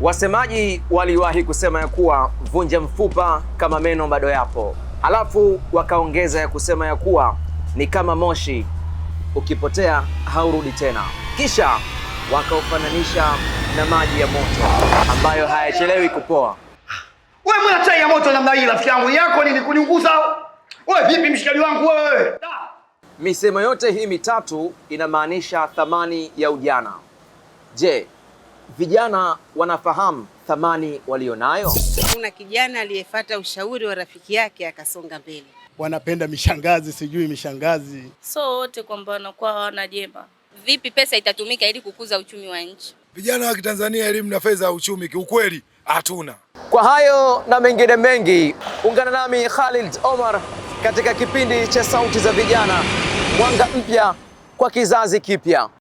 Wasemaji waliwahi kusema ya kuwa vunja mfupa kama meno bado yapo, halafu wakaongeza ya kusema ya kuwa ni kama moshi, ukipotea haurudi tena, kisha wakaufananisha na maji ya moto ambayo hayachelewi kupoa. Wewe mwana chai ya moto namna hii, rafiki yangu yako nini kuniunguza? Wewe vipi mshikaji wangu wewe? Misemo yote hii mitatu inamaanisha thamani ya ujana. Je, vijana wanafahamu thamani walionayo? Kuna kijana aliyefata ushauri wa rafiki yake akasonga mbele. Wanapenda mishangazi, sijui mishangazi, so wote kwamba wanakuwa hawana jema. Vipi pesa itatumika ili kukuza uchumi wa nchi? Vijana wa Kitanzania, elimu na fedha ya uchumi kiukweli hatuna. Kwa hayo na mengine mengi, ungana nami Khalid Omar katika kipindi cha Sauti za Vijana, mwanga mpya kwa kizazi kipya.